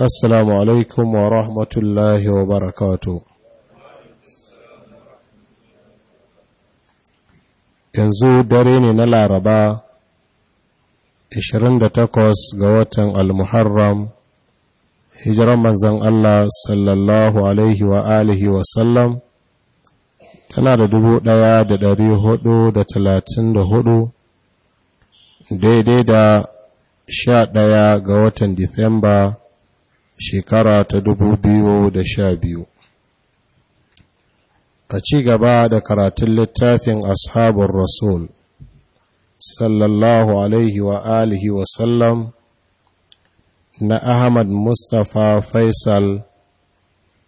Assalamu alaikum wa rahmatullahi wa Yanzu dare ne na Laraba, 28 ga watan Al-Muharram, hijiran manzan Allah sallallahu Alaihi wa alihi wa sallam, tana da dubu ɗaya da ɗari hudu da talatin da hudu, daidai da sha ɗaya ga watan Disamba shekara ta dubu biyu da sha biyu. a ci gaba da karatun littafin ashabun rasul sallallahu alaihi wa alihi wasallam na ahmad mustapha faisal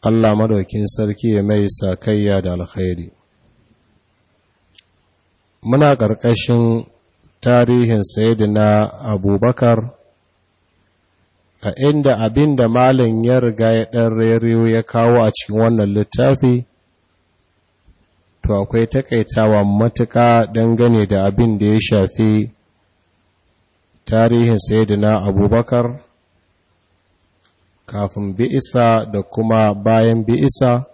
allah madaukin sarki mai sakayya da alkhairi muna ƙarƙashin tarihin sayidina abubakar a inda abin da malin ya riga ya ɗan rariyo ya kawo a cikin wannan littafi to akwai takaitawa matuƙa dangane da abin da ya shafi tarihin sayyidina abubakar kafin bi'isa da kuma bayan bi'isa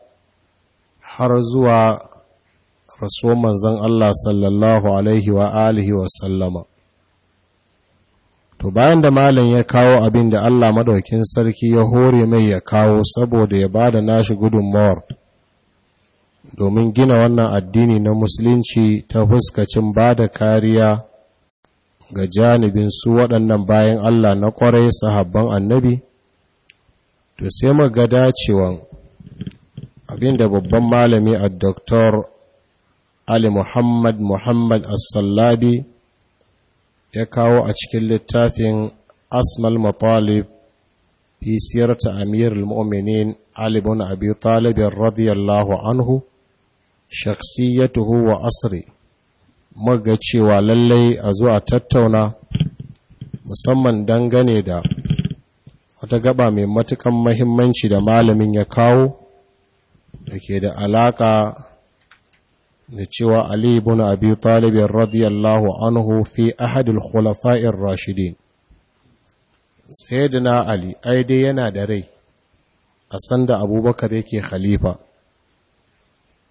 har zuwa rasuwa manzon Allah sallallahu alaihi wa alihi wa sallama to bayan da malam ya kawo abin da Allah madaukin sarki ya hore mai ya kawo saboda ya ba da nashi gudun mawar domin gina wannan addini na musulunci ta fuskacin bada kariya ga janibin su waɗannan bayan Allah na ƙwarai sahabban annabi to sai maga dacewa abin da babban malami a doktor Ali Muhammad Muhammad As-Sallabi ya kawo a cikin littafin asmal matalib fi siyarta amirul mu'minin ali abi talibin radiyallahu anhu shakhsiyatuhu wa asri maga cewa lallai a zuwa tattauna musamman dangane da wata gaba mai matukan mahimmanci da malamin ya kawo da ke da alaka da cewa Ali ibn Abi Talib radiyallahu anhu fi ahadil khulafa'ir rashidin Sayyidina Ali ai dai yana da rai a sanda Abubakar yake khalifa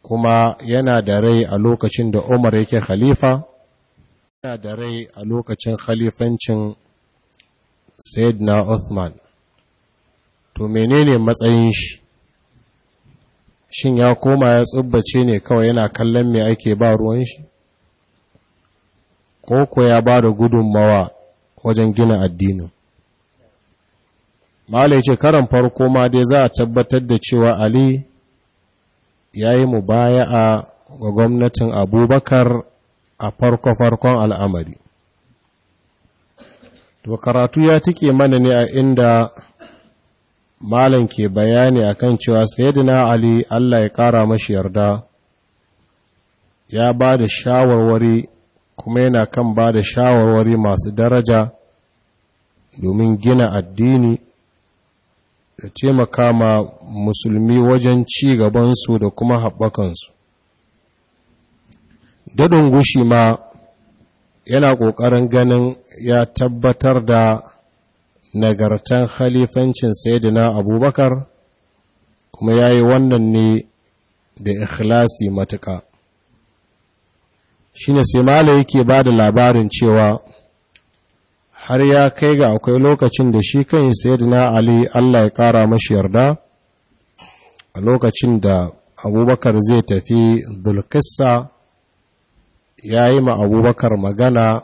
kuma yana da rai a lokacin da Umar yake khalifa yana da rai a lokacin khalifancin Sayyidina Uthman to menene matsayin shi shin ya koma ya tsubbace ne kawai yana kallon mai ake ba ruwan shi ko ko ya ba da gudunmawa wajen gina addinin malai ce karan farko ma dai za a tabbatar da cewa ali ya yi mu baya a ga gwamnatin abubakar a farko-farkon al'amari to karatu ya tike mana ne a inda malam ke bayani akan cewa sayyidina ali Allah ya kara mashi yarda ya ba da shawarwari kuma yana kan ba da shawarwari masu daraja domin gina addini da taimaka ma musulmi wajen ci gabansu da kuma haɓakansu dadon gushi ma yana ƙoƙarin ganin ya tabbatar da nagartan khalifancin sayyidina abubakar kuma ya yi wannan ne da ikhlasi matuƙa shi ne sai mala yake ba da labarin cewa har ya kai ga akwai lokacin da shi kan sayyidina ali allah ya ƙara mashi yarda a lokacin da abubakar zai tafi dulkissa ya yi ma abubakar magana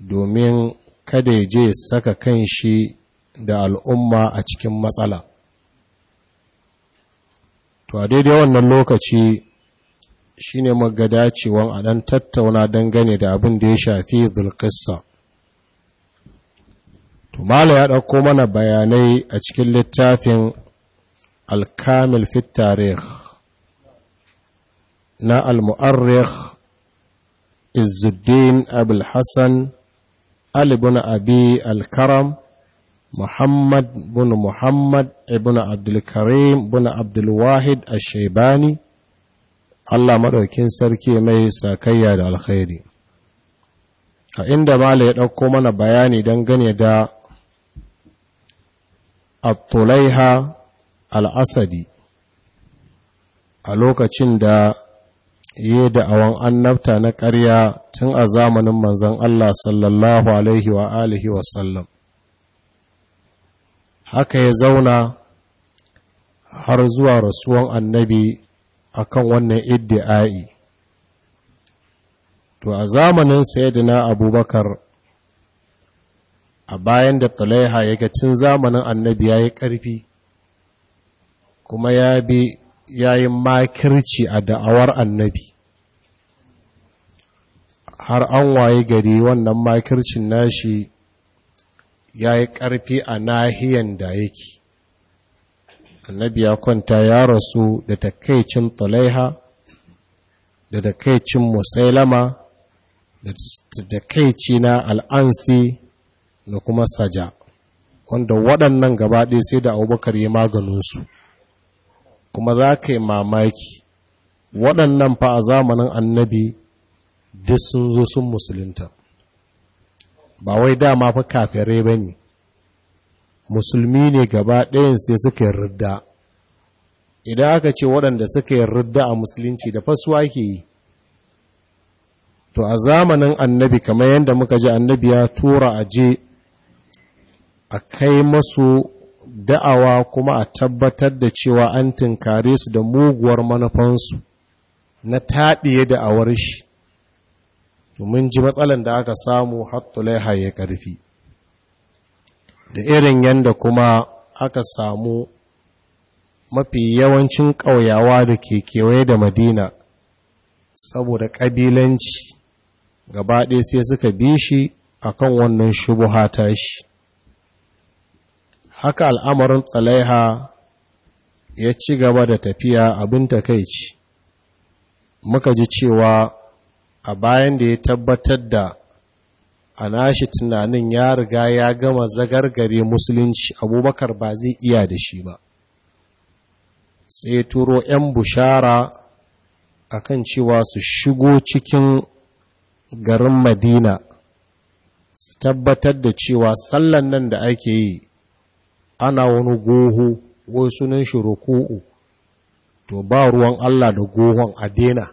domin kada ya je saka kan shi da al'umma a cikin matsala to a daidai wannan lokaci shi ne magadacewan a ɗan tattauna dangane da abin da ya shafi zulkissa to mala ya ɗauko mana bayanai a cikin littafin alkamil fit na al-mu'arrikh Izzuddin abul hassan Ali bin Abi Al-Karam, Muhammad bin Muhammad ibn Karim bin Abdulwahid al shaibani Allah maɗaukin sarki mai sakayya da alkhairi. A inda Mala ya ɗauko mana bayani dangane da Abtulaiha al-Asadi a lokacin da yi da'awan annabta na karya tun a zamanin manzan Allah sallallahu Alaihi wa alihi wasallam. Haka ya zauna har zuwa rasuwan annabi a kan wannan iddi'ai. To, a zamanin Sayyidina Abubakar a bayan da Talaiha ya tun zamanin annabi ya yi ƙarfi, kuma ya bi ya yi makirci a da'awar annabi har an waye gari wannan makircin nashi ya yi ƙarfi a nahiyan da yake annabi ya kwanta ya rasu da takaicin tulaiha da takaicin musailama da takaici na al'ansi da kuma saja wanda waɗannan gabaɗe sai da abubakar ya maganinsu kuma za ka yi mamaki waɗannan fa a zamanin annabi duk sun zo sun musulunta ba wai dama fa kafirai ba ne musulmi ne gaba ɗayan sai suka yi idan aka ce waɗanda suka yi ridda a musulunci da fasuwa ke yi to a zamanin annabi kamar yadda muka ji annabi ya tura a je a kai masu da'awa kuma a tabbatar da cewa an tinkare su da muguwar manufansu na taɗiye da'awar shi domin ji matsalan da aka samu hattulaiha ya ƙarfi da irin yadda kuma aka samu mafi yawancin ƙauyawa da ke kewaye da madina saboda ƙabilanci gabaɗe sai suka bi shi a kan wannan shubuha shi. haka al'amarin tsalaiha ya ci gaba da tafiya abin takaici muka ji cewa a bayan da ya tabbatar da a nashi tunanin ya riga ya gama zagargare musulunci abubakar ba zai iya da shi ba sai turo 'yan bushara akan cewa su shigo cikin garin madina su tabbatar da cewa sallan nan da ake yi ana wani goho wai sunan shi ruku'u to ba ruwan Allah da gohon a dena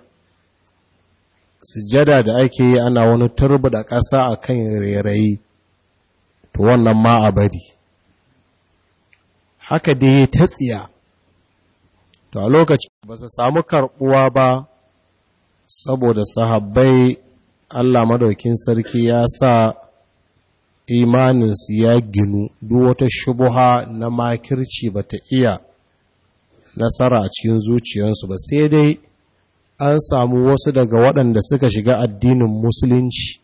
sujada da ake yi ana wani turbi da ƙasa a kan rairayi to wannan ma a bari haka da ya ta tsiya to a lokacin ba su samu karɓuwa ba saboda sahabbai Allah madaukin sarki ya sa imaninsu ya ginu duk wata shubuha na makirci ba ta iya nasara a cikin zuciyarsu ba sai dai an samu wasu daga waɗanda suka shiga addinin musulunci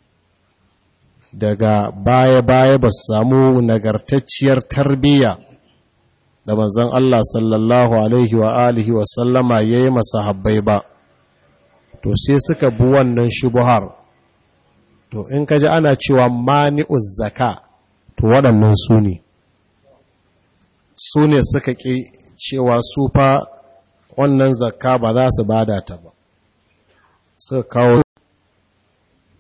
daga baya-baya ba su samu nagartacciyar tarbiyya da manzon Allah sallallahu alaihi wa alihi wa sallama ya yi masahabbai ba to sai suka bi wannan shubuhar to in ka ji ana cewa mani zaka to waɗannan su ne su ne suka ƙi cewa su fa wannan zakka ba za su bada ta ba suka kawo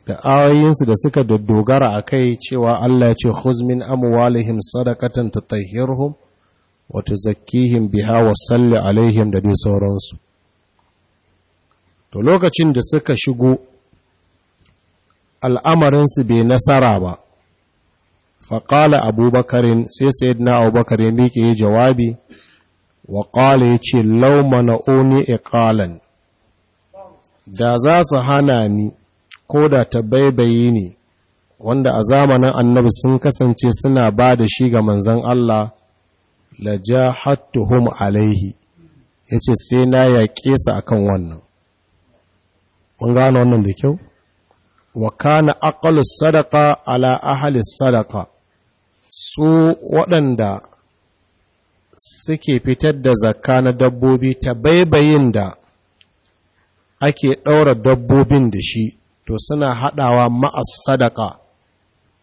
da ayoyinsu da suka dogara a kai cewa Allah ya ce huzmin amwalihim sadakatan tahirhum wata zakihin biha wa salli alaihim da dai sauransu to lokacin da suka shigo al'amarinsu bai nasara ba faƙala abubakarin sai na abubakar ya miƙe ya jawabi wa ƙala ya ce laumana oni iƙalan da za su hana ni ko da ta baibaye ne wanda a zamanin annabi sun kasance suna ba da shi ga manzan Allah la jahattuhum alaihi ce sai na yaƙe su akan wannan mun gano wannan da kyau wa kana aqalus sadaka ala ahalis sadaka su waɗanda suke fitar da zakka na dabbobi ta baibayin da ake ɗaura dabbobin da shi to suna haɗawa ma'as sadaka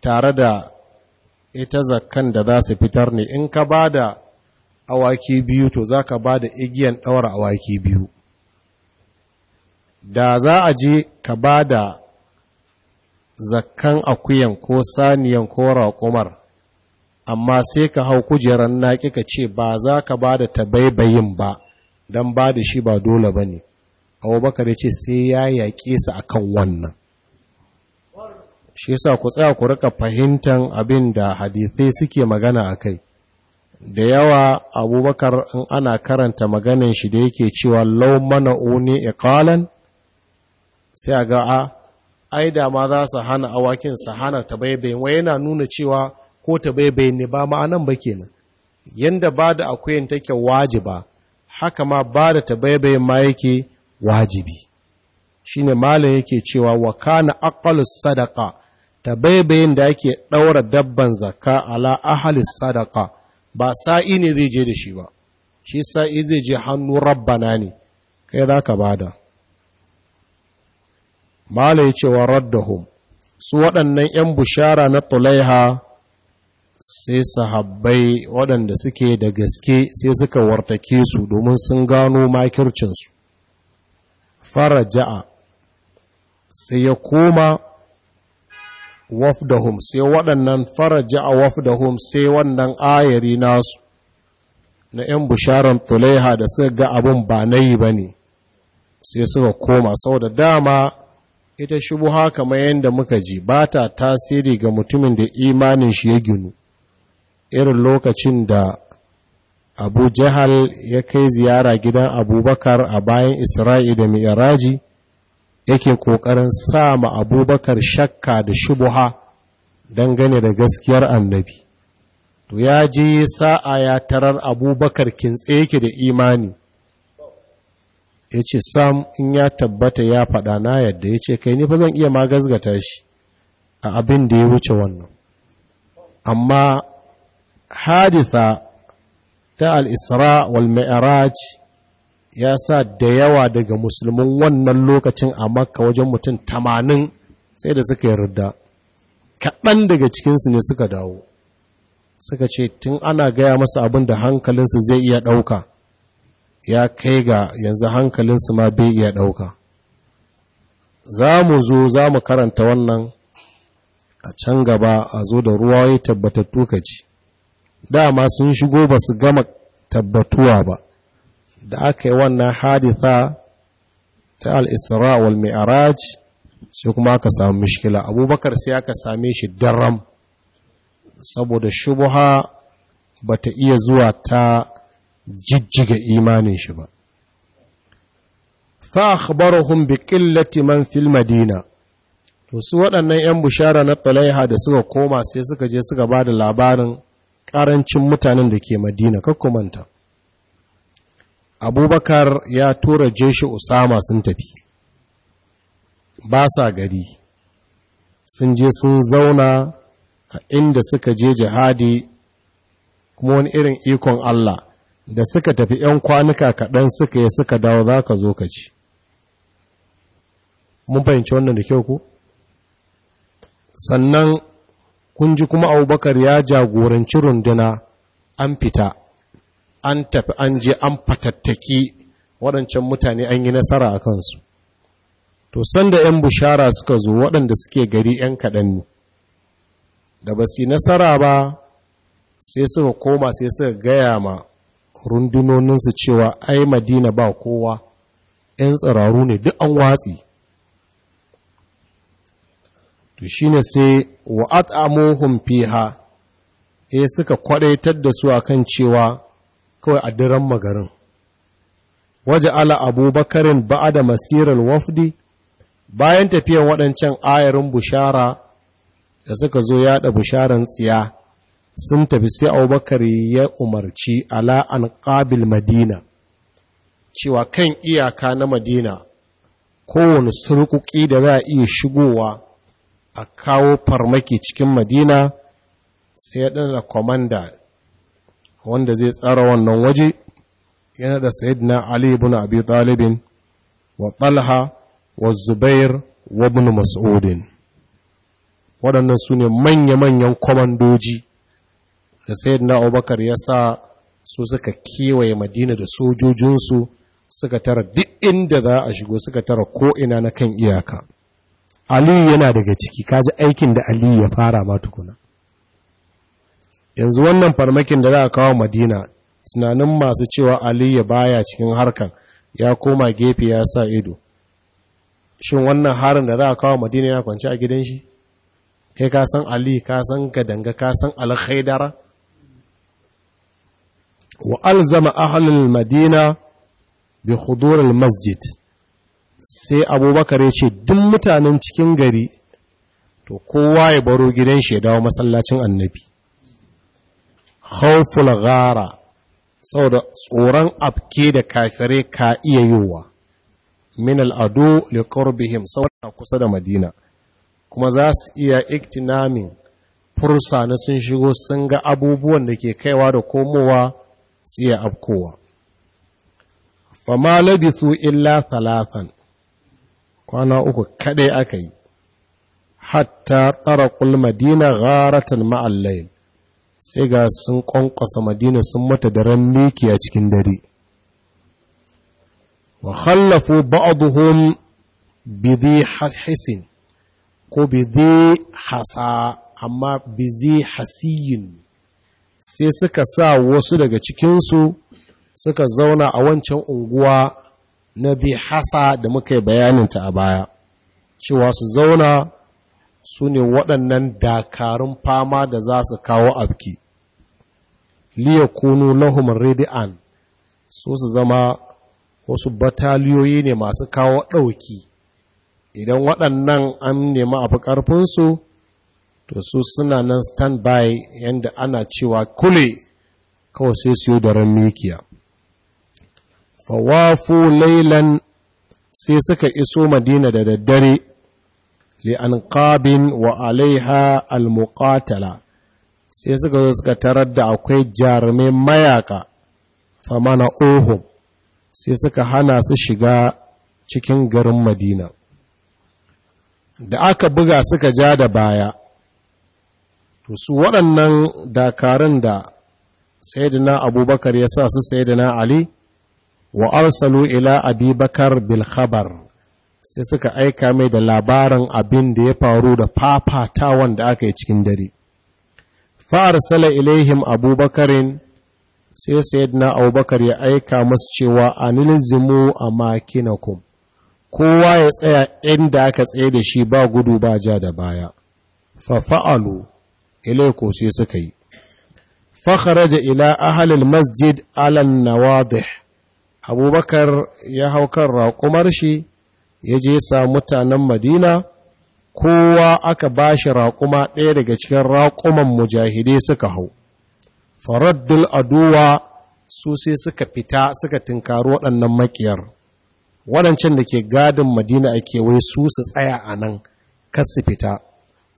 tare da ita zakkan da za su fitar ne in ka ba da awaki biyu to za ka ba da igiyan ɗaura awaki biyu da za a je ka ba da zakkan akuyan ko saniyan ko raƙumar amma sai ka hau kujerar naƙi ka ce ba za ka ba da tabaibayin ba don ba da shi ba dole ba ne abubakar ya ce sai ya yaƙe su a kan wannan shi yasa ku tsaya ku rika fahimtar abin da hadithai suke magana a kai da yawa abubakar in ana karanta maganin shi da yake cewa lau mana uni iqalan sai a ga a ai da ma za su hana awakin su hana ta wai yana nuna cewa ko ta ne ba ma'anan ba kenan yanda ba da akuyan take wajiba haka ma ba da ta ma yake wajibi shine malam yake cewa wa kana aqallus sadaqa tabaibayin da ake ɗaura dabban zaka ala ahlis sadaka ba sa'i ne zai je da shi ba shi sa'i zai je hannu rabbana ne kai zaka bada mala ya cewa raddahum su waɗannan 'yan bushara na tulaiha sai sahabbai waɗanda suke da gaske sai suka wartake su domin sun gano makircinsu fara ja'a sai ya koma wafdahum sai waɗannan fara ja’a wafdahum sai wannan ayari nasu na 'yan bisharar tulaiha da suka ga abin ba na yi ba ne sai suka koma sau da dama ita shubuha kamar yadda muka ji ba ta tasiri ga mutumin da imanin shi ya ginu irin lokacin da abu jahal ya kai ziyara gidan abubakar a bayan isra'i da mi'iraji yake ƙoƙarin sa ma abubakar shakka da shubuha dangane da gaskiyar annabi to ya je sa'a ya tarar abubakar kintse yake da imani ya ce sam in ya tabbata ya faɗa na yadda ya ce kai ni fa zan iya ma gazgata shi a abin da ya wuce wannan amma haditha ta al'isra wal mi'raj ya sa da yawa daga musulmin wannan lokacin a makka wajen mutum tamanin sai da suka yarda kaɗan daga cikinsu ne suka dawo suka ce tun ana gaya masa abin da hankalinsu zai iya ɗauka ya kai ga yanzu hankalinsu ma bai iya ɗauka za mu zo za mu karanta wannan a can gaba a zo da ruwa ya tabbatattu ka ci dama sun shigo ba su gama tabbatuwa ba da aka yi wannan haditha ta al'isra wal mi'araj sai kuma aka samu mishkila abubakar sai aka same shi daram saboda shubuha ba ta iya zuwa ta jijjiga imanin shi ba fa akhbarahum bi qillati man fil madina to su waɗannan 'yan bushara na talaiha da suka koma sai suka je suka ba da labarin ƙarancin mutanen da ke madina kakkumanta abubakar ya tura jeshi usama sun tafi ba sa gari sun je sun zauna a inda suka je jihadi kuma wani irin ikon Allah da suka tafi ‘yan kwanuka kaɗan suka yi suka dawo za ka zo ka ci. Mun fahimci wannan da kyau ku? Sannan kun ji kuma abubakar ya jagoranci runduna an fita, an tafi an je an fatattaki waɗancan mutane an yi nasara a kansu. To, sanda ‘yan bushara suka zo waɗanda suke gari ‘yan kaɗan ne, da ba su nasara ba sai suka koma sai suka gaya ma rundunoninsu cewa ai madina ba kowa ‘yan tsiraru ne duk an watsi to shi ne sai wa'at amuhun fiha e suka kwadaitar da su a kan cewa kawai a diran magarin waje ala abubakarin ba'a da masirar wafdi bayan tafiyan waɗancan ayarin bushara da suka zo yaɗa busharan tsiya sun tafi sai abubakar ya umarci ala an ƙabil madina cewa kan iyaka na madina kowane surkuki da za a iya shigowa a kawo farmaki cikin madina sai ya ɗana kwamanda wanda zai tsara wannan waje yana da na ali ibn abi talibin wa talha wa zubair wa ibn mas'udin waɗannan su ne manya-manyan kwamandoji da na, Abubakar ya sa su suka kewaye Madina da sojojinsu suka tara duk inda za a shigo suka tara ko'ina na kan iyaka Aliyu yana daga ciki kaji aikin da Aliyu ya fara ma tukuna yanzu wannan farmakin da za a kawo Madina tunanin masu cewa Aliyu baya cikin harkan ya koma gefe ya sa ido shin wannan harin da za a kawo Madina ya kwanci a gidan shi kai ka san Ali ka san kasan ka san Alkhaidara wa alzama ahlul madina bi hudur masjid sai abubakar ya ce duk mutanen cikin gari to kowa ya baro gidan shi ya dawo masallacin annabi khawful ghara saboda tsoron afke da kafirai ka iya yiwa, min al'adu liqorbihim saboda kusa da madina kuma za su iya iktinamin fursa na sun shigo sun ga abubuwan da ke kaiwa da komowa Siya ya afkowa fama labisu illa talatan kwana uku kaɗai aka yi hatta tsara madina gharatan ma'allayin sai ga sun ƙwanƙwasa madina sun mata daren miki a cikin dare wa khallafu ba'aduhum zai hisin ko bi zai hasa amma bi bizi hasiyin sai suka sa wasu daga cikinsu suka zauna a wancan unguwa na bi hasa da muka yi bayaninta a baya cewa su zauna su ne waɗannan dakarun fama da za su kawo abki liya kunu lahum ridi'an so su zama wasu bataliyoyi ne masu kawo ɗauki idan waɗannan an nemi abu ƙarfinsu to su suna nan standby yadda ana cewa kule kawai sai su da ran mikiya fawafu lailan sai suka iso madina da daddare li'anqabin wa alaiha almuqatala sai suka zo suka tarar da akwai jarumin mayaka famana ohun sai suka hana su shiga cikin garin madina da aka buga suka ja da baya to su waɗannan dakarun da sayyidina abubakar ya sa su sayyidina ali wa arsalu ila abubakar bil khabar sai suka aika mai da labarin abin da ya faru da fafatawan da aka yi cikin dare fa'arsala ilaihim abubakarin sai sayyidina abubakar ya aika masu cewa anilzimu a makinakum kowa ya tsaya inda aka tsaye da shi ba gudu ba ja da baya fafa'alu ilai ko suka yi fakharaja ila ahalil masjid alan nawadih abubakar ya hau kan raƙumar shi ya je sa mutanen madina kowa aka ba shi raƙuma ɗaya daga cikin raƙuman mujahide suka hau faraddul aduwa su sai suka fita suka tinkari waɗannan makiyar waɗancan da ke gadin madina ake wai su su tsaya a nan su fita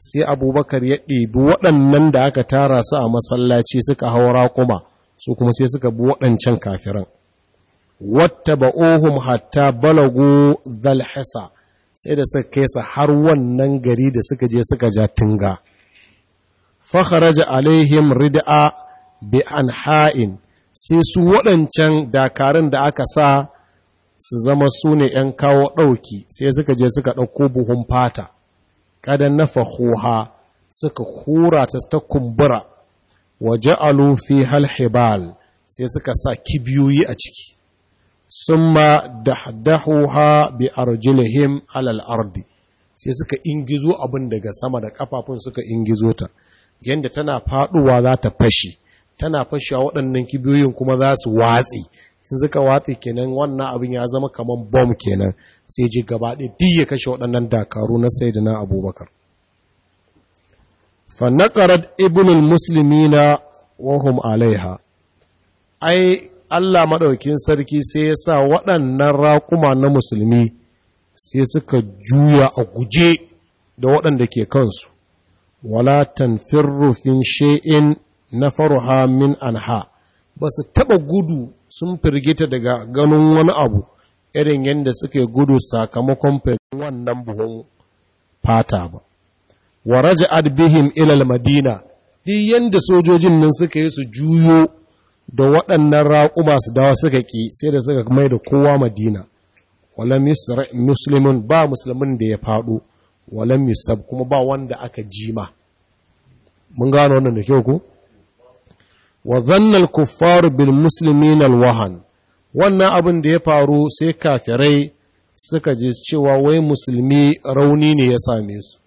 sai abubakar ya ɗebi waɗannan da aka tara su a masallaci suka haura kuma su kuma sai suka bi waɗancan kafiran wata ba'ohun hatta balagu zalhasa sai da suka kai su har wannan gari da suka je suka ja tunga fakharaja alaihim rid'a bi anha'in sai su waɗancan dakarun da aka sa su zama su ne ‘yan kawo ɗauki sai suka je suka ɗauko buhun fata’ kada nafahuha suka kura ta ta kumbura wa ja'alu fi halhibal sai suka sa kibiyoyi a ciki summa dahdahuha bi arjilihim alal ardi sai suka ingizo abin daga sama da kafafun suka ingizo ta yanda tana faduwa za ta fashi tana fashewa waɗannan kibiyoyin kuma za su watsi in suka watsi kenan wannan abin ya zama kaman bom kenan sai je gaba ɗaya ya kashe waɗannan dakaru na sayyidina abubakar fa naqarat ibnul muslimina wa hum alaiha ai Allah maɗaukin sarki sai ya sa waɗannan raƙuma na musulmi sai suka juya a guje da waɗanda ke kansu wala tanfirru fin shay'in nafaruha min anha ba su taɓa gudu sun firgita daga ganin wani abu irin yadda suke gudu sakamakon fekin wannan buhun fata ba wa raja'at bihim ilal madina duk yadda sojojin nan suka yi su juyo da waɗannan raƙuma su dawa suka ƙi sai da suka mai da kowa madina walam yusra musulmin ba musulmin da ya faɗo walam yusab kuma ba wanda aka jima mun gano wannan da kyau ko wa zannal ku kuffar bil musulmin alwahan, wannan abin da ya faru sai kafirai suka je cewa wai musulmi rauni ne ya same su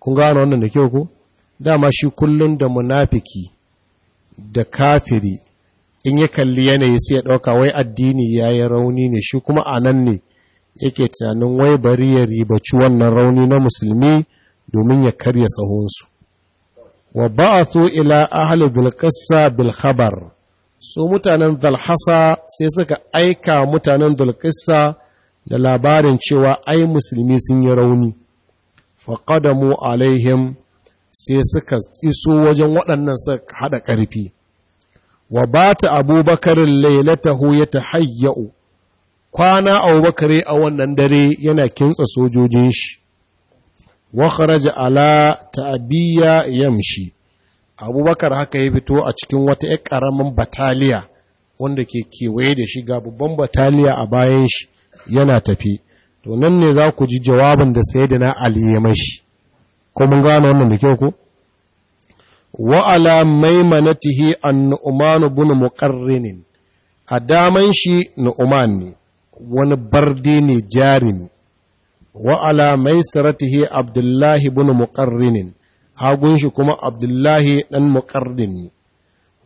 kun gano wannan da kyau ko dama shi kullum da munafiki da kafiri in ya kalli yanayi sai ya ɗauka wai addini ya yi rauni ne shi kuma a nan ne yake tunanin wai bari ya ribaci wannan rauni na musulmi domin ya karya sahunsu wa ba'athu ila ahli bilkassa bilhabar su mutanen dalhasa sai suka aika mutanen dalkissa da labarin cewa ai musulmi sun yi rauni faƙadamu alaihim sai suka iso wajen waɗannan suka haɗa ƙarfi wa ba ta abubakarin lailatahu ya ta hayya'u kwana abubakar a wannan dare yana kintsa sojojin shi wa kharaja ala ta'abiyya yamshi abubakar haka ya fito a cikin wata 'yar ƙaramin bataliya wanda ke kewaye da shi ga babban bataliya a bayan shi yana tafi to nan ne za ku ji jawabin da sai da na aliye mashi ko mun gano wannan da kyau ko wa ala maimanatihi an nu'man ibn muqarrin a daman shi nu'man ne wani barde ne jarimi wa ala maisaratihi abdullahi ibn muqarrin hagun shi kuma abdullahi ɗan muƙarrin ne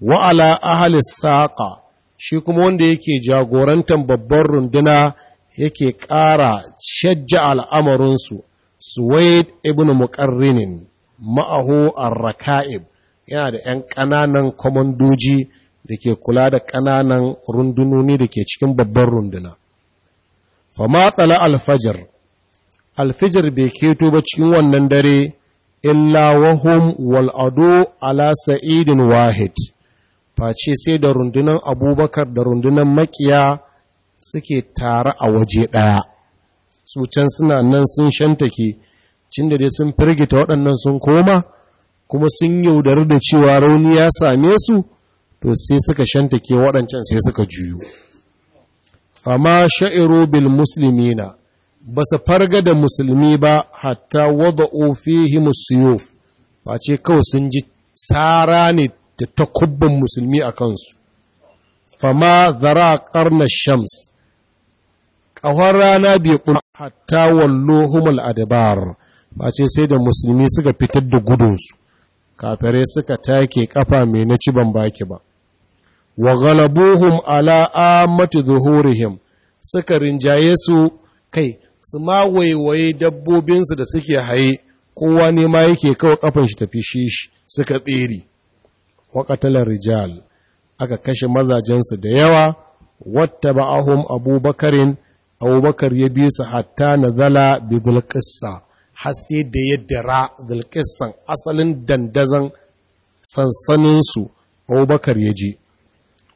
wa'ala ahalis saƙa shi kuma wanda yake jagorantar babban runduna yake ƙara shajja al'amarinsu suwaid ibn muƙarrinin ma'ahu arraka'ib yana da ‘yan ƙananan kwamandoji da ke kula da ƙananan rundunoni da ke cikin babban runduna fama tsala alfajar alfajar bai keto ba cikin wannan dare illa wahum wal'ado ala sa'idin wahid face sai da rundunan abubakar da rundunan makiya suke tare a waje ɗaya su can suna nan sun shantake cin da dai sun firgita waɗannan sun koma kuma sun yaudari da cewa rauni ya same su to sai suka shantake waɗancan sai suka juyo fama sha'iru bil muslimina ba su farga da musulmi ba hatta wadda ofihi musuyuf ba ce kawai sun ji tsara ne da takubban musulmi a kansu fama zara karnar shams ƙawar rana bai kuma hatta wallo humal adabar ba ce sai da musulmi suka fitar da gudunsu kafare suka take kafa mai na ciban baki ba wa galabuhum ala amati zuhurihim suka rinjaye su kai su ma waiwaye dabbobinsu da suke haye kowa ne ma yake kawo kafin shi tafi shi suka tsere waƙatalar rijal aka kashe mazajensu da yawa wata ba'ahun abubakarin abubakar ya bi su hatta na zala bi zulƙissa har sai da ya ra zulƙissan asalin dandazan sansaninsu abubakar ya ji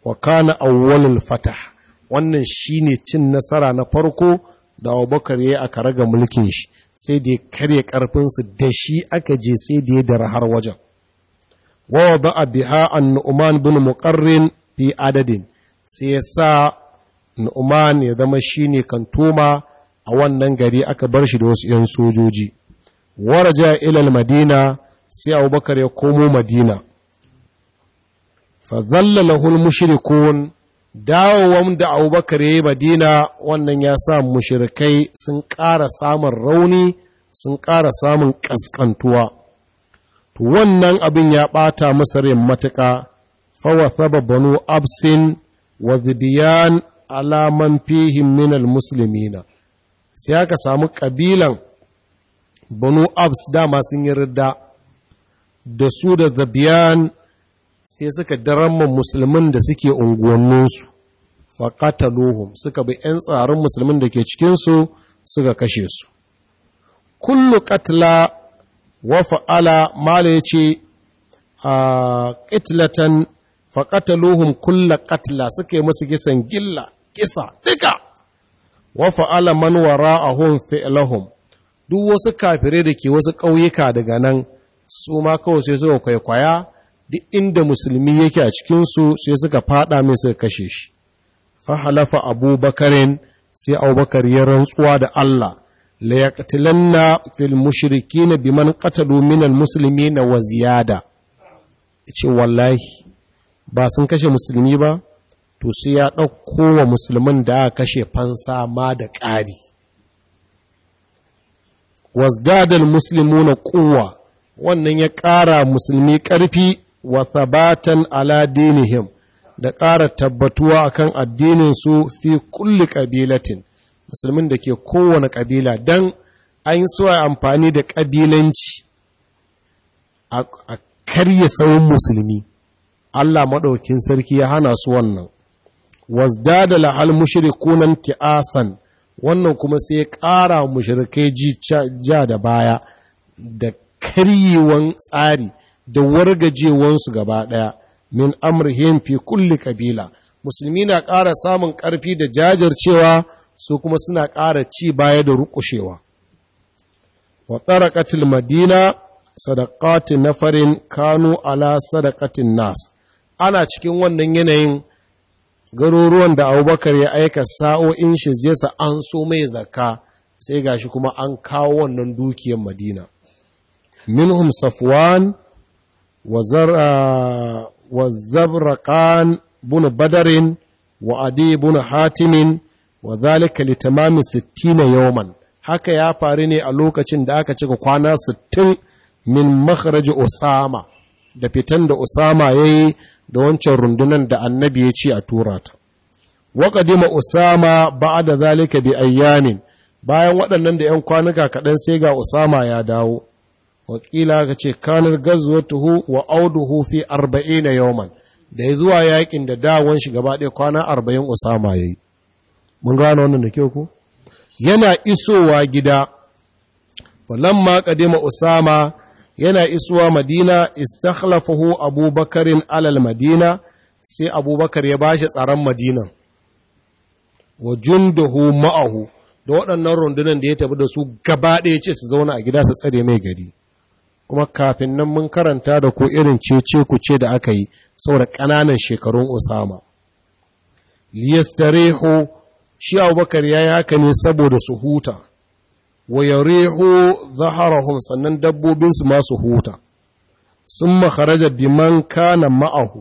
wa kana awwalul fatah wannan shine cin nasara na farko da abubakar ya yi a karaga mulkin shi sai da ya karya karfinsu da shi aka je sai da ya dara har wajen wawa ba a biha an nu'uman bin muƙarrin fi adadin sai ya sa nu'uman ya zama shi ne kan tuma, a wannan gari aka bar shi da wasu 'yan sojoji ja ilal madina sai abubakar ya komo madina fa zalla lahul mushrikun dawowan da abubakar ya yi madina wannan ya sa mushirikai sun ƙara samun rauni sun ƙara samun ƙasƙantuwa wannan abin ya ɓata masa rin matuƙa fawathaba banu absin wa zibiyan alaman fihin minal musulmina sai aka samu ƙabilan banu abs dama sun yi ridda da su da zabiyan sai suka daramman musulmin da suke unguwanninsu faƙataluhum suka bi 'yan tsarin musulmin da ke cikinsu suka kashe su kullu katla wa fa'ala mala ya ce a ƙitlatan faƙataluhum kulla katla suka yi musu kisan gilla kisa duka wa fa'ala man hun fi'lahum duk wasu kafirai da ke wasu ƙauyuka daga nan su ma kawai sai suka kwaikwaya duk inda musulmi yake a cikinsu sai suka fada mai suka kashe shi fa halafa Abu abubakarin sai abubakar ya rantsuwa da Allah la yaqtilanna fil mushrikin biman qatalu al muslimina wa ziyada ce wallahi ba sun kashe musulmi ba to sai ya dauko wa musulmin da aka kashe fansa ma da ƙari wasdadal muslimuna quwwa wannan ya ƙara musulmi ƙarfi wa thabatan ala dinihim da ƙara tabbatuwa akan addininsu fi kulli ƙabilatin musulmin da ke kowane ƙabila don an so a amfani da ƙabilanci a karya tsawon musulmi Allah maɗaukin sarki ya hana su wannan wasdada da la'al mushrikunan ki'asan wannan kuma sai ya ƙara mushrikai ji ja da baya da karyewan tsari da wargajewansu gaba ɗaya min amrihim fi kulli kabila musulmi na ƙara samun ƙarfi da jajircewa su kuma suna ƙara ci baya da rukushewa wa tsarakatil madina na farin kanu ala sadakatin nas ana cikin wannan yanayin garuruwan da abubakar ya aika sa'o'in shi yasa an so mai zakka sai gashi kuma an kawo wannan dukiyar madina minhum safwan وزبرقان بن بدر وعدي بن حاتم وذلك لتمام ستين يوما haka ya faru ne a lokacin da aka cika kwana 60 min makharaji usama da fitan da usama ya yi da wancan rundunan da annabi ya ce a tura ta. Waƙadima usama ba'a da zalika bi ayyamin bayan waɗannan da ‘yan kwanuka kaɗan sai ga usama ya dawo. wakila ka ce kanar tuhu wa auduhu fi arba'ina yawman da ya zuwa yakin da dawon shi gaba ɗaya kwana arba'in usama ya yi mun gano wannan da kyau ku yana isowa gida falamma kadima usama yana isowa madina istakhlafahu abubakarin alal madina sai abubakar ya bashi tsaron madina wa jundahu ma'ahu da waɗannan rundunan da ya tafi da su gaba ɗaya ce su zauna a gida su tsare mai gari kuma kafin nan mun karanta da ko irin cece ku ce da aka yi saboda ƙananan shekarun Usama reho shi Abubakar yi haka ne saboda su huta wa reho zaharahum sannan dabbobin su ma su huta Sun kharaja biman kanan ma'ahu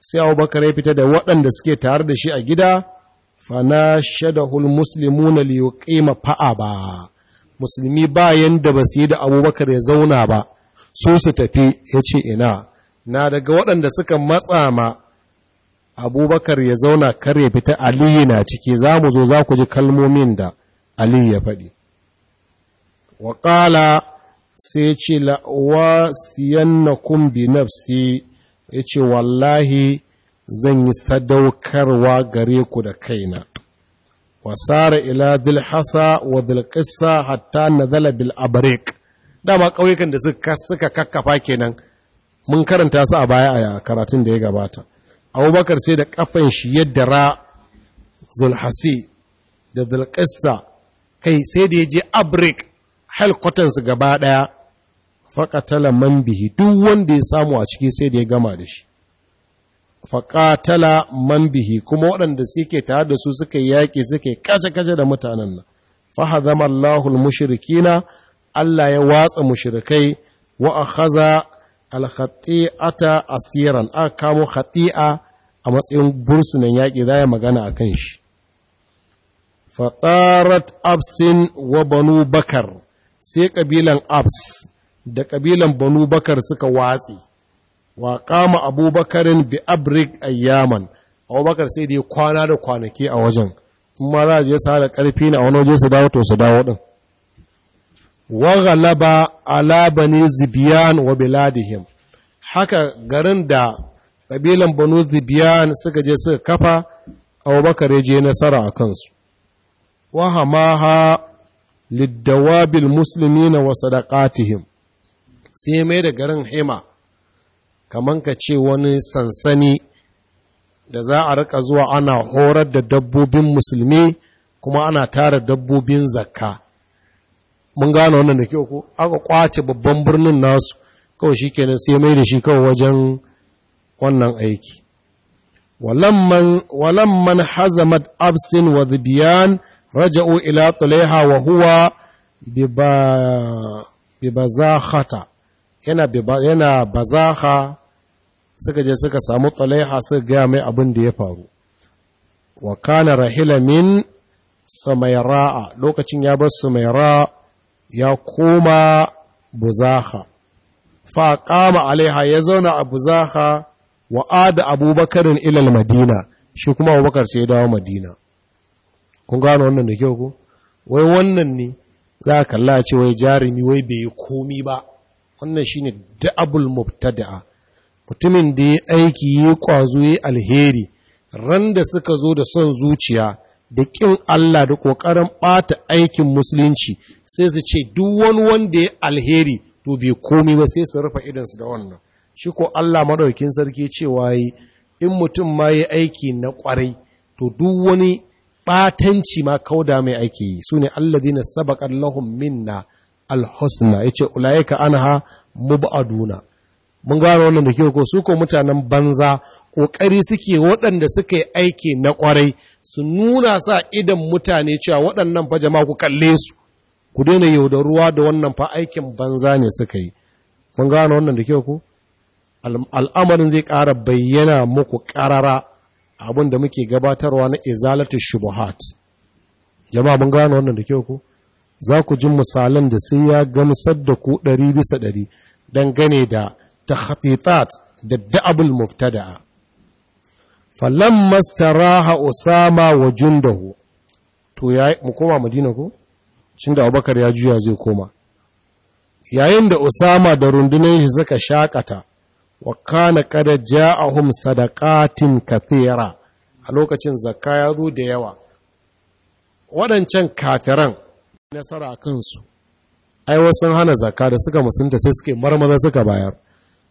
sai Abubakar ya fita da waɗanda suke tare da shi a gida fana shadahul muslimuna fa'a ba, musulmi bayan da su yi da Abubakar ya zauna ba su su tafi ya ce ina na daga waɗanda suka matsa ma abubakar ya zauna kar ya fita aliyu na ciki za mu zo za ku ji kalmomin da aliyu ya faɗi waƙala sai ce la'uwa siyan na kumbi nafsi ya ce wallahi zan yi sadaukarwa gare ku da kaina wasara ila dilhasa wa dilkisa hatta nazala bil abrik dama ƙauyukan da suka kakkafa kenan mun karanta su a baya a karatun da ya gabata abubakar sai da kafan shi yadda ra zulhasi da zulƙissa kai sai da ya je abrik halkotansu gaba ɗaya faƙatala man bihi duk wanda ya samu a ciki sai da ya gama da shi faƙatala man bihi kuma waɗanda suke tare da su suka yaƙi suke kace-kace da mutanen nan fahazama Allahul mushrikina Allah ya watsa mushirikai wa akhaza al-khati'ata asiran aka kamo khati'a a matsayin bursunan yaki, za ya magana akan kan shi fatarat absin wa banu bakar sai ƙabilan abs da ƙabilan banu bakar suka watsi wa kama abubakarin bi abrik ayyaman abubakar sai da ya kwana da kwanaki a wajen in ma za a je sa da ƙarfi na wani waje su dawo to su dawo ɗin wa ghalaba ala bani zibiyan wa biladihim haka garin da ƙabilan banu zibiyan suka je suka kafa abubakar ya je nasara a kansu wa hamaha liddawabil muslimina wa sadaqatihim sai mai da garin hima kaman ka ce wani sansani da za a rika zuwa ana horar da dabbobin musulmi kuma ana tara dabbobin zakka mun gane wannan da kyau ko aka kwace babban birnin nasu kawai shi kenan sai mai da shi kawai wajen wannan aiki walamman hazamat absin wa zibiyan raja'u ila tulaiha wa huwa bibazakhata yana yana bazaha suka je suka samu tulaiha suka gaya mai abin da ya faru wa kana rahila min samaira'a lokacin ya bar samaira ya koma buzaha fa kama alaiha ya zauna a buzaha wa ada abubakarin ilal madina shi kuma abubakar sai ya dawo madina kun gano wannan da kyau ku wai wannan ne za a kalla ce wai jarumi wai bai yi komi ba wannan shi ne da'abul mubtada'a mutumin da ya aiki yi kwazo yi alheri randa suka zo da son zuciya da ƙin Allah da ƙoƙarin ɓata aikin musulunci sai su ce duk wani wanda ya alheri to bai komi ba sai su rufe su da wannan shi ko Allah maɗaukin sarki cewa yi in mutum ma ya aiki na ƙwarai to duk wani ɓatanci ma kauda mai aiki su ne alladina sabaqat lahum minna alhusna yace ulaika anha mubaduna mun gano wannan da ke ko su ko mutanen banza ƙoƙari suke waɗanda suka yi aiki na ƙwarai su nuna sa idan mutane cewa waɗannan fa jama'a ku kalle su ku daina yaudaruwa da wannan fa aikin banza ne suka yi mun gano wannan da kyau ku al'amarin zai ƙara bayyana muku ƙarara abin da muke gabatarwa na izalatu shubuhat jama'a mun gano wannan da kyau ku za ku ji misalan da sai ya gamsar da ku ɗari bisa ɗari dangane da tahtitat da da'abul muftada'a falon mastaraha osama wa jundahu to ya mu koma madina ko cin da abubakar ya juya zai koma yayin da osama da rundunar shi suka shakata wa kana kada ja'ahum sadaqatin kathira a lokacin zakka ya zo da yawa waɗancan kafiran nasara kansu ai wasu hana zakka da suka musunta sai suke marmaza suka bayar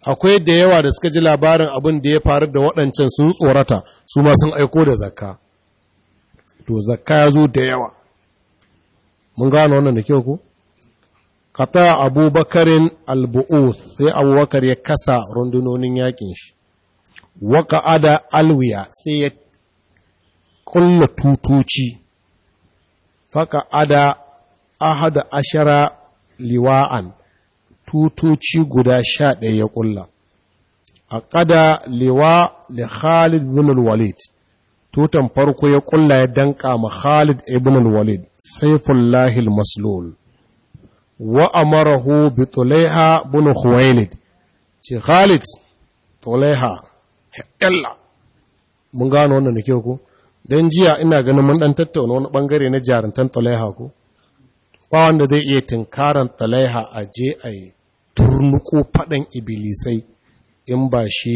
akwai da yawa da suka ji labarin abin da ya faru da waɗancan sun tsorata su ma sun aiko da zakka to zakka ya zo da yawa mun gano wannan da kyau ko kata abubakarin albu'u sai abubakar ya kasa rundunonin yakin shi waka ada alwiya sai ya kulla tutoci faka ada ahada ashara liwa'an tutoci guda sha ɗaya ya ƙulla a ƙada lewa da khalid bin walid tutan farko ya ƙulla ya danƙa ma khalid ibn walid lahil maslul wa amarahu bi tulaiha bin Khuwailid ce khalid tulaiha yalla mun gano wannan da kyau ku. don jiya ina ganin mun dan tattauna wani bangare na jarantan tulaiha ku. ba wanda zai iya tinkaran tulaiha a je a yi turnuko faɗan ibilisai in ba shi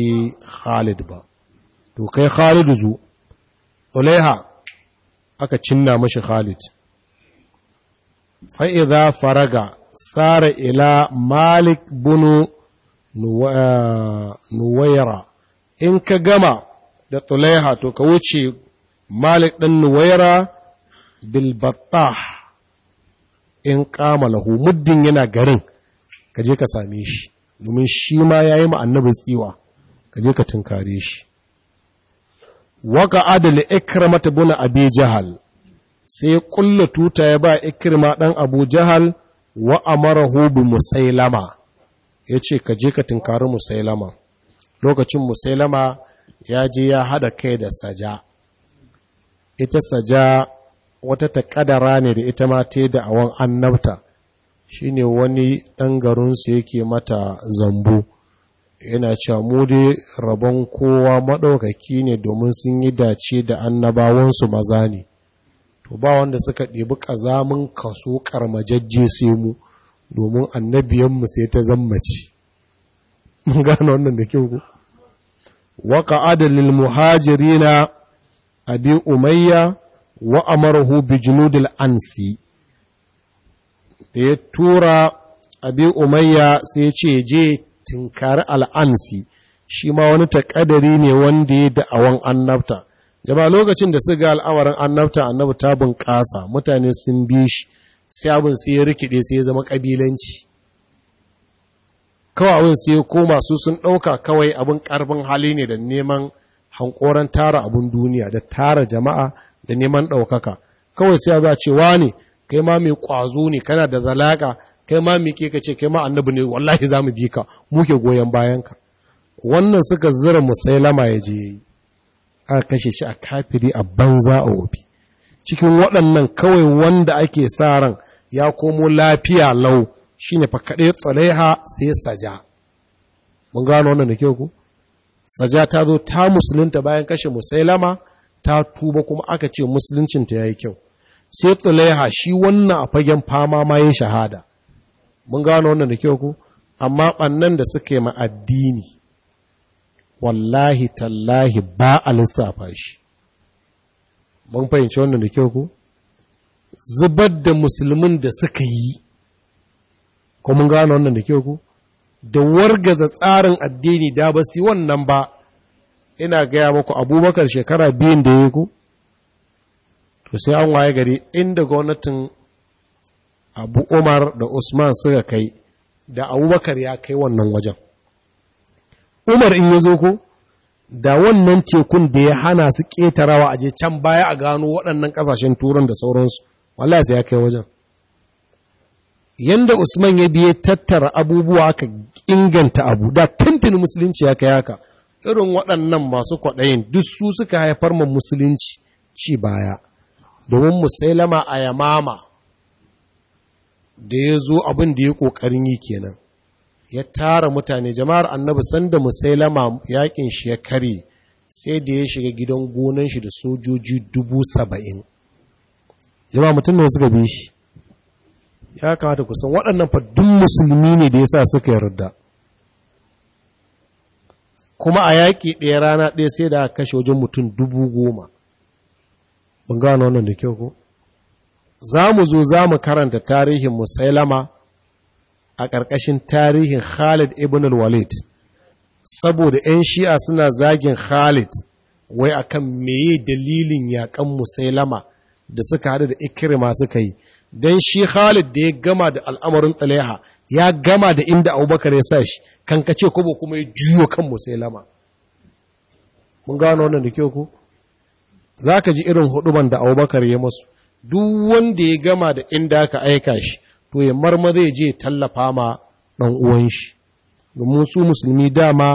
Khalid ba. To kai Khalid zu, Ulaiha aka cinna mashi Khalid. Fa'iza faraga, sara ila Malik bunu Nuwayra. Eh, in ka gama da Ulaiha to ka wuce Malik ɗin Nuwaira bilbattah in ƙama lahu muddin yana garin. ka je ka same shi domin shi ma ya yi annabi tsiwa ka je ka tunkare shi waka adali ikrama ta buna abi jahal sai kulla tuta ya ba ikirma dan abu jahal wa mara hubu musailama ya ce ka je ka tunkari musailama lokacin musailama ya je ya hada kai da saja ita saja wata taƙadara ne da ita ma ta da awon annabta Shi ne wani ɗan garinsu yake mata zambu, yana camu dai rabon kowa maɗaukaki ne domin sun yi dace da annabawansu maza ne to ba wanda suka ɗebi ƙazamin kaso ƙarmajajje sai mu domin annabiyanmu sai ta zammaci mun gano wannan da kyau ko waka adalil muhajirina abi umayya wa amarhu bi junudil ansi da ya tura abi umayya sai ya ce je tinkari al'ansi shi ma wani takadari ne wanda ya da'awan annabta jama lokacin da suka al’awarin annabta annabi ta bunƙasa mutane sun bi shi sai abin sai ya rikide sai ya zama ƙabilanci kawai abin sai ya koma su sun ɗauka kawai abin ƙarfin hali ne da neman hankoran tara abin duniya da tara jama'a da neman ɗaukaka kawai sai ya za ce ne kai ma mai kwazo ne kana da zalaka kai ma mai ke ka ce kai ma annabi ne wallahi za mu bi ka muke goyon bayan ka. wannan suka zira musailama ya je yi a kashe shi a kafiri a banza a wofi cikin waɗannan kawai wanda ake sa ran ya komo lafiya lau shine fa kaɗai tsalaiha sai saja mun gano wannan da kyau ku saja ta zo ta musulunta bayan kashe musailama ta tuba kuma aka ce musuluncinta ya yi kyau sai tsulaiha shi wannan a fagen fama ma ya shahada mun gano wannan da kyau ku amma ɓannan da suka ma addini wallahi tallahi ba a lissafa shi mun fahimci wannan da kyau ku zubar da musulmin da suka yi ko mun gano wannan da kyau ku da wargaza tsarin addini da ba su wannan ba ina gaya muku abubakar shekara biyun da ya yi ku to sai an waye gari inda gwamnatin abu umar da usman suka kai da abubakar ya kai wannan wajen umar in ya zo ko da wannan tekun da ya hana su ƙetarawa a je can baya a gano waɗannan ƙasashen turan da sauransu wallahi sai ya kai wajen yanda usman ya biye tattara abubuwa aka inganta abu da tuntun musulunci ya kai haka irin waɗannan masu kwaɗayin duk su suka haifar ma musulunci ci baya domin musailama a yamama da ya zo abin da ya ƙoƙarin yi kenan ya tara mutane jama'ar annabi sanda musailama yakin shi ya kare sai da ya shiga gidan gonan shi da sojoji dubu saba'in jama'a mutum ne suka bi shi ya kamata kusan waɗannan faddun musulmi ne da ya sa suka yarda kuma a yaƙi ɗaya rana ɗaya sai da aka kashe wajen mutum dubu goma mun gano wannan da kyau ko za mu zo za mu karanta tarihin musailama a ƙarƙashin tarihin khalid ibn walid saboda 'yan shi'a suna zagin khalid wai akan meye dalilin yaƙan musailama da suka haɗu da ikirma suka yi don shi khalid da ya gama da al'amarin tsalaiha ya gama da inda abubakar ya sa shi kankace kobo kuma ya juyo kan musailama mun gano wannan da kyau ko za ka ji irin huduban da abubakar ya masu duk wanda ya gama da inda ka aika shi to ya marma zai je tallafa ma ɗan uwan shi domin su musulmi dama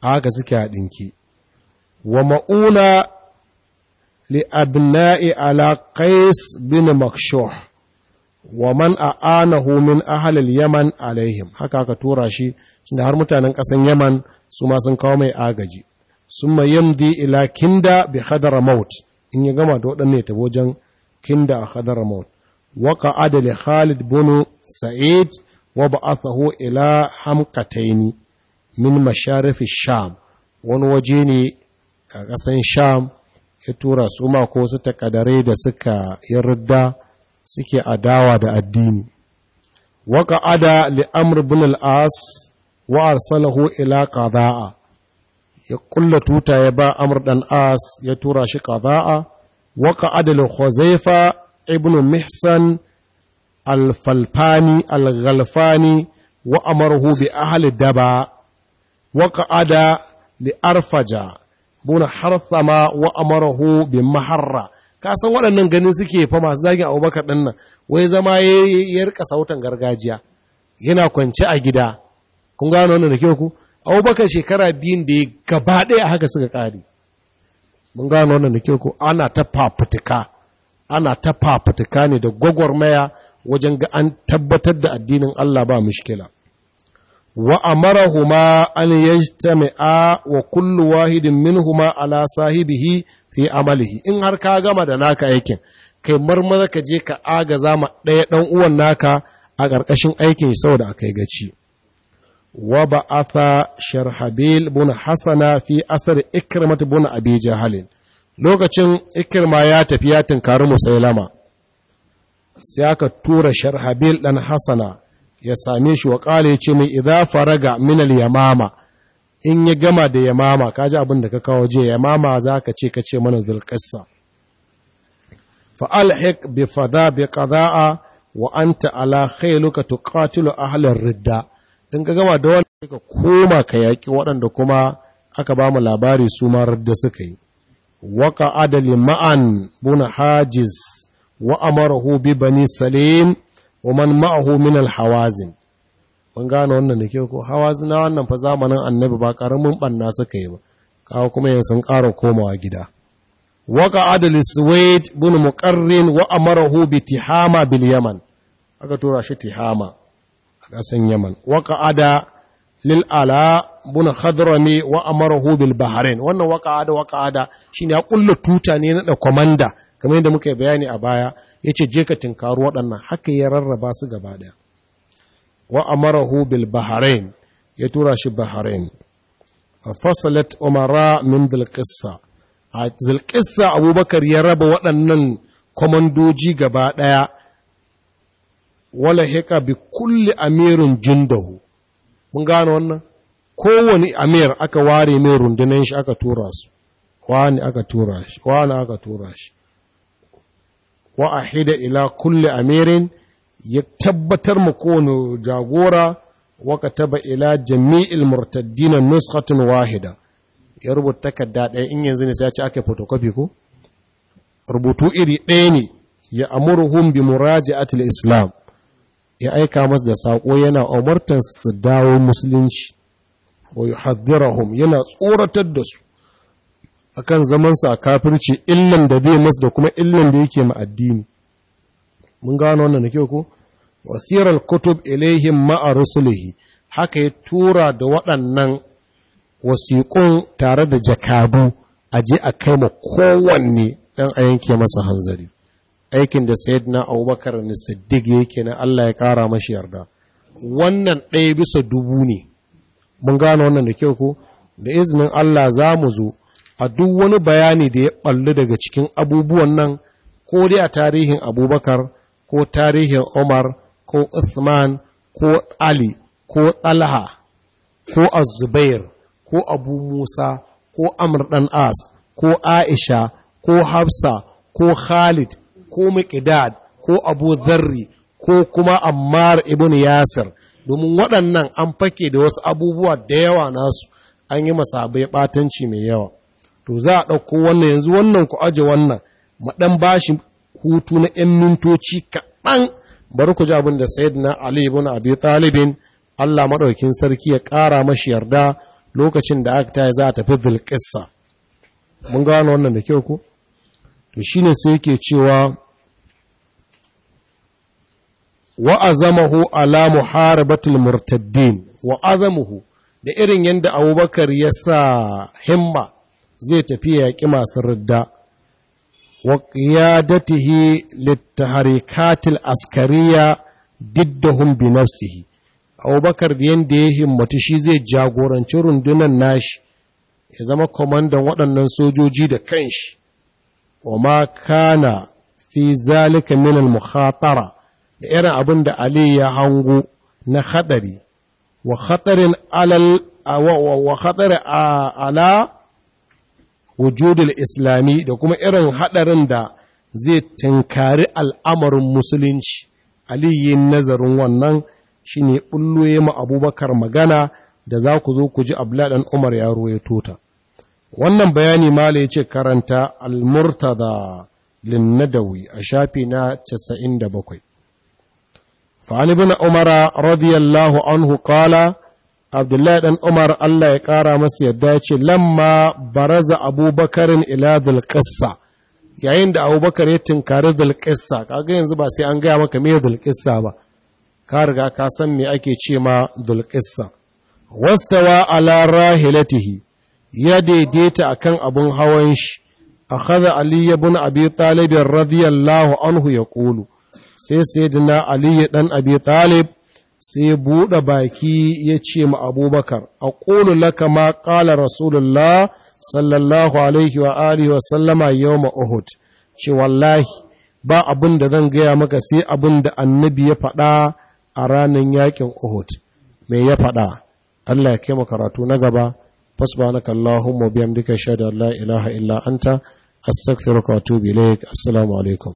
a haka suke haɗinki wa ma'una li abna'i ala qais bin makshuh wa man a'anahu min ahlil yaman alaihim haka aka tura shi da har mutanen ƙasan yaman su ma sun kawo mai agaji sun yamdi ila kinda bi hadara maut in ya gama da waɗannan ya wajen kinda a hadara maut waka adali khalid bunu sa'id wa ba'athahu ila hamkataini min masharifi sham wani waje ne a ƙasan sham ya tura suma ko su takadare da suka yarda suke adawa da addini waka ada li amr bin al-as wa arsalahu ila qada'a ya kulla tuta ya ba amur dan as ya tura shi qada'a wa qa'adal khuzaifa ibn mihsan al-falfani al-ghalfani wa amaruhu bi ahli daba wa qa'ada li arfaja buna harthama wa amaruhu bi maharra ka san waɗannan ganin suke fa masu zagin abubakar ɗin nan wai zama ya yarƙa sautan gargajiya yana kwance a gida kun gano wannan da kyau ku abubakar shekara biyun da ya gaba ɗaya haka suka ƙari mun gano wannan da ko ana ta fafutuka ana ta fafutuka ne da gwagwarmaya wajen ga an tabbatar da addinin Allah ba mushkila wa amarahuma an yajtami'a wa kullu wahidin minhuma ala sahibihi fi amalihi in har ka gama da naka aikin kai marmaza ka je ka agaza ma ɗaya ɗan uwan naka a ƙarƙashin aikin saboda akai gaci wa ba'atha sharhabil bin hasana fi asar ikrimat bun abi halin, lokacin ikirma ya tafi ya tunkari musailama sai aka tura sharhabil dan Hassana ya same shi wa kale ya ce mai idza faraga min yamama in ya gama da yamama kaji abin da ka kawo jiya, yamama zaka ce kace mana zulqissa fa alhiq bi fada bi wa'anta Alakailu, ka ala khayluka tuqatilu ahli ridda in ka gama da wannan ka koma ka yaƙi waɗanda kuma aka ba mu labari su marar da suka yi waka adali ma'an buna hajis wa amarahu bi bani salim wa man ma'ahu min al-hawazin mun gane wannan da kyau ko na wannan fa zamanin annabi ba karamin banna suka yi ba kawo kuma yin sun ƙara komawa gida waka adali suwaid bin muqarrin wa amarahu bi tihama bil aka tura shi tihama ƙasan yaman waka ada lil ala buna khadrami wa amarahu bil bahrain wannan waka ada waka ada ne ya kulla tuta ne na komanda kamar yadda muka bayani a baya ya yace je ka tinkaru waɗannan haka ya rarraba su gaba ɗaya. wa amarahu bil bahrain ya tura shi bahrain fa fasalat umara min bil qissa a zil abubakar ya raba waɗannan komandoji gaba daya wala heka bi kulli amirin jundahu mun gano wannan kowane amir aka ware mai rundunan shi aka tura su wani aka tura shi wani aka tura shi wa ahida ila kulli amirin ya tabbatar mu kowane jagora wa kataba ila jami'il murtaddina nuskhatun wahida ya rubuta takarda ɗaya in yanzu ne sai ya ce aka photocopy ko rubutu iri ɗaya ne ya amuruhum bi muraji'atil islam ya aika masu da saƙo yana umartar su dawo musulunci wa yuhadhirahum yana tsoratar da su akan zaman sa kafirci illan da bai masu da kuma illan da yake ma addini mun gano wannan nake ko Wasirar kutub ilaihim ma'a rusulihi haka ya tura da waɗannan wasiƙun tare da jakadu a je a kai ma kowanne ɗan a yanke masa hanzari aikin da na abubakar ne siddiq yake na Allah ya kara mashi yarda wannan ɗaya bisa dubu ne mun gano wannan da kyau ko da izinin Allah za mu zo a duk wani bayani da ya ɓalli daga cikin abubuwan nan ko dai a tarihin abubakar ko tarihin umar ko uthman ko ali ko talha ko azubair ko abu musa ko amr ɗan as ko aisha ko hafsa ko khalid ko miqdad ko abu dharri ko kuma ammar ibn yasir domin waɗannan an fake da wasu abubuwa da yawa nasu an yi masabai ɓatanci mai yawa to za a ɗauko wannan yanzu wannan ku aje wannan maɗan bashi hutu na ‘yan mintoci kaɗan bari ku ji abin da sayid na Ali ibn Abi Talibin Allah maɗaukin sarki ya ƙara mashi yarda lokacin da aka ta za a tafi bilƙissa. Mun gano wannan da kyau ko. to shi ne sai yake cewa wa azamahu ala muharabatul murtaddin wa da irin yadda abubakar ya sa himma zai tafi yaƙi masu ridda wa qiyadatihi littaharikatil askariya diddahum bi nafsihi abubakar da yadda ya himmatu shi zai jagoranci rundunan nashi ya zama kwamandan waɗannan sojoji da kanshi wa ma kana fi zalika min al da irin abin da Ali ya hango na hadari wa alal ala wujudul islami da kuma irin haɗarin da zai tinkari al'amarin musulunci Ali yin nazarin wannan shine bulloye ma Abubakar magana da za ku zo ku ji Abdullah dan Umar ya ruwaito ta wannan bayani mala ya ce karanta al-murtada linnadawi a shafi na 97 fani ibn Umar, radiyallahu anhu kala abdullahi dan umar Allah ya kara masa yadda yace, ce lamma baraza abubakarin ila qissa yayin da abubakar ya tinkari dhulqissa kaga yanzu ba sai an gaya maka me dhulqissa ba ka riga ka san me ake ce ma dhulqissa wastawa ala rahilatihi ya daidaita a kan abin hawan shi A akhadha ali bin abi talib radiyallahu anhu ya ƙulu sai sayyidina Aliyu ɗan abi talib sai buɗe baki ya ce ma abubakar a ƙulu laka ma ƙala rasulullah sallallahu alaihi wa alihi wa sallama yau ma uhud ce wallahi ba abin da zan gaya maka sai abin da annabi ya faɗa a ranar yakin uhud me ya faɗa allah ya kai makaratu na gaba wasbanaka Allahumma biyamdika shada la ilaha illa anta astaghfiruka wa atubu assalamu alaikum